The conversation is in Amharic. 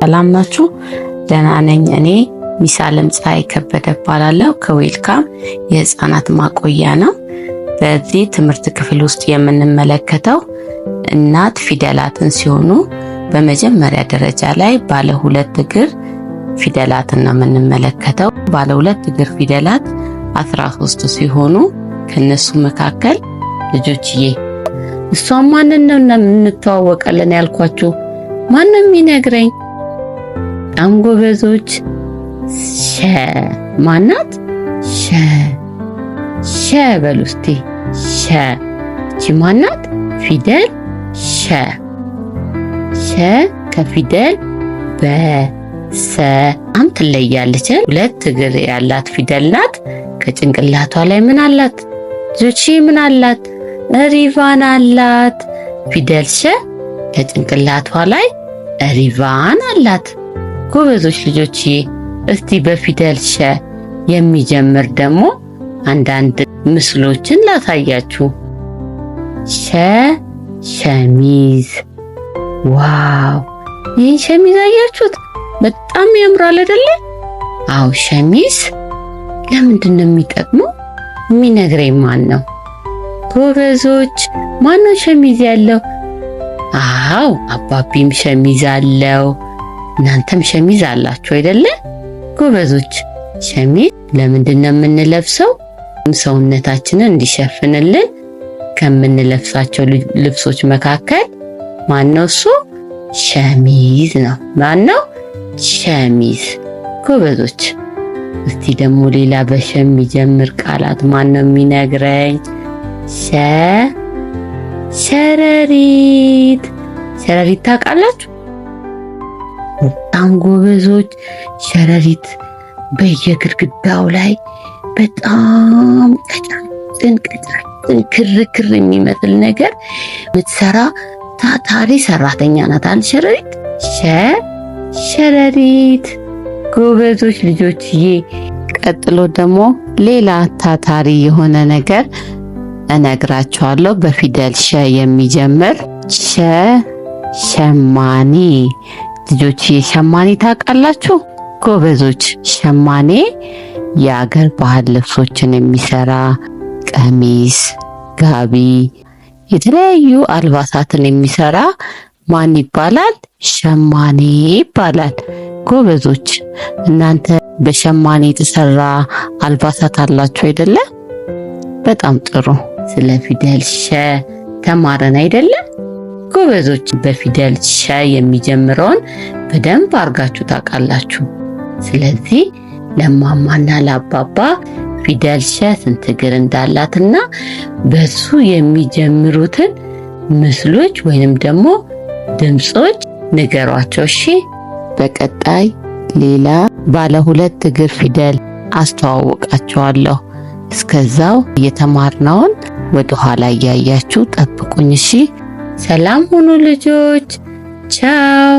ሰላም ናችሁ? ደህና ነኝ። እኔ ሚሳለም ፀሐይ ከበደ እባላለሁ። ከዌልካም የህፃናት ማቆያ ነው። በዚህ ትምህርት ክፍል ውስጥ የምንመለከተው እናት ፊደላትን ሲሆኑ በመጀመሪያ ደረጃ ላይ ባለ ሁለት እግር ፊደላትን ነው የምንመለከተው። ባለ ሁለት እግር ፊደላት ሶስት ሲሆኑ ከነሱ መካከል ልጆችዬ እሷን ማንን ነው እንተዋወቃለን ያልኳችሁ? ማንም ይነግረኝ በጣም ጎበዞች። ሸ ማናት? ሸ ሸ በሉ እስቲ ሸ። እቺ ማናት? ፊደል ሸ ሸ ከፊደል በ ሰ አም ትለያለች። ሁለት እግር ያላት ፊደል ናት። ከጭንቅላቷ ላይ ምን አላት? ጆቺ ምን አላት? ሪቫን አላት። ፊደል ሸ ከጭንቅላቷ ላይ ሪቫን አላት። ጎበዞች ልጆች፣ እስቲ በፊደል ሸ የሚጀምር ደግሞ አንዳንድ ምስሎችን ላሳያችሁ። ሸ ሸሚዝ። ዋው! ይህን ሸሚዝ አያችሁት? በጣም ያምራል አይደለ? አው ሸሚዝ ለምንድን ነው የሚጠቅመው? የሚነግረኝ ማን ነው? ጎበዞች፣ ማን ነው ሸሚዝ ያለው? አዎ፣ አባቢም ሸሚዝ አለው። እናንተም ሸሚዝ አላችሁ አይደለ? ጎበዞች ሸሚዝ ለምንድን ነው የምንለብሰው? ሰውነታችንን እንዲሸፍንልን ከምንለብሳቸው ልብሶች መካከል ማነው እሱ? ሸሚዝ ነው። ማነው? ሸሚዝ። ጎበዞች። እስቲ ደግሞ ሌላ በሸ የሚጀምር ቃላት ማን ነው የሚነግረኝ? ሸ ሸረሪት። ሸረሪት ታውቃላችሁ? በጣም ጎበዞች። ሸረሪት በየግድግዳው ላይ በጣም ቀጫጭን ቀጫጭን ክርክር የሚመስል ነገር የምትሰራ ታታሪ ሰራተኛ ናት። ሸረሪት ሸ ሸረሪት ጎበዞች ልጆችዬ። ቀጥሎ ደግሞ ሌላ ታታሪ የሆነ ነገር እነግራቸዋለሁ። በፊደል ሸ የሚጀምር ሸ ሸማኔ ልጆች ሸማኔ ታውቃላችሁ? ጎበዞች። ሸማኔ የአገር ባህል ልብሶችን የሚሰራ ቀሚስ፣ ጋቢ፣ የተለያዩ አልባሳትን የሚሰራ ማን ይባላል? ሸማኔ ይባላል። ጎበዞች። እናንተ በሸማኔ የተሰራ አልባሳት አላችሁ አይደለ? በጣም ጥሩ። ስለ ፊደል ሸ ተማረን አይደለም? ጎበዞች፣ በፊደል ሸ የሚጀምረውን በደንብ አርጋችሁ ታውቃላችሁ። ስለዚህ ለማማና ለአባባ ፊደል ሸ ስንት እግር እንዳላትና በሱ የሚጀምሩትን ምስሎች ወይንም ደግሞ ድምፆች ንገሯቸው። እሺ። በቀጣይ ሌላ ባለ ሁለት እግር ፊደል አስተዋውቃቸዋለሁ። እስከዛው እየተማርነውን ወደኋላ እያያችሁ ጠብቁኝ። እሺ። ሰላም ሁኑ ልጆች። ቻው